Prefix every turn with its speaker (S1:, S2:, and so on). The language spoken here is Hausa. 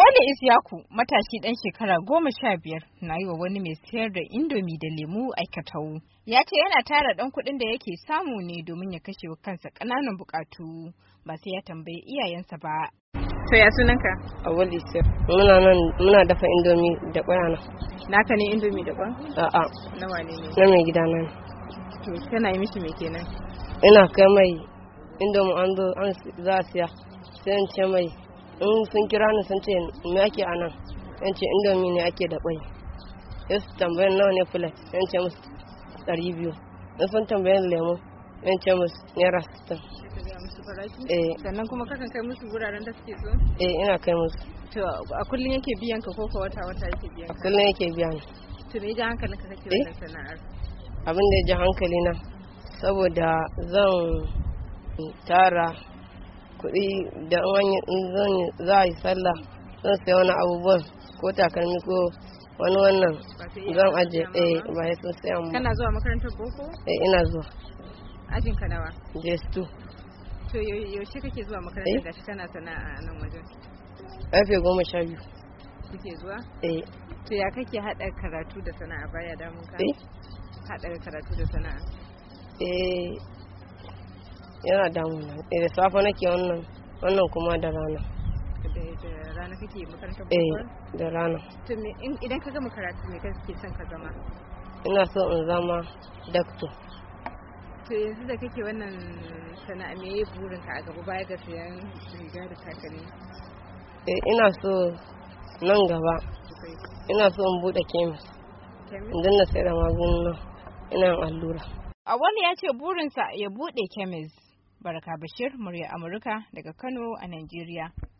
S1: wani Isyaku matashi ɗan shekara goma sha biyar na yi wa wani mai sayar da indomi da lemu aikatawu. Ya ce yana tara dan kuɗin da yake samu ne domin ya kashe wa kansa ƙananan buƙatu ba sai ya tambayi iyayensa ba. To ya sunanka? A wani
S2: Muna nan muna dafa indomi da na.
S1: Naka ne indomi da ƙwan? A'a. Na wane ne? Na mai gida nan. To kana yi mishi me kenan? Ina
S2: kai mai indomi an zo an za a siya sai in ce mai in sun kira ni sun ce me ake a nan yan ce indomi ne ake da kwai ya su tambayar nawa ne filet yan ce musu ɗari biyu in sun tambayar lemu yan ce musu naira sittin
S1: eh. sannan kuma kakan kai musu wuraren da suke so eh ina kai musu to a kullum yake biyan ka ko wata wata yake biyan ka a kullum yake biyan to me ya ji hankalin ka kake eh? wannan sana'ar
S2: abin da ya ji hankali na saboda zan tara kuɗi da wani zan za a yi sallah zan sai wani abubuwan ko takalmi ko wani wannan zan aje eh ba ya sun sai amma kana
S1: zuwa makarantar boko eh ina zuwa ajin ka nawa jestu to yaushe kake zuwa makarantar eh? gashi kana sana'a nan wajen
S2: karfe goma sha biyu kuke zuwa eh
S1: to ya kake haɗa karatu da sana'a baya damun ka eh hada karatu da sana'a
S2: eh yana damuna eh, da safe nake wannan wannan kuma da rana
S1: da rana kake makarantar eh da rana idan ka gama karatu me kake son ka zama
S2: ina so in zama doctor
S1: to yanzu da kake wannan sana'a me ya burin ka a gaba baya ga sayan riga da takalmi
S2: eh ina so nan gaba ina so in bude kemis
S1: in dinga sayar
S2: da magunguna ina allura
S1: wani ya ce burinsa ya buɗe kemis. Baraka Bashir, murya Amurka daga Kano a Najeriya.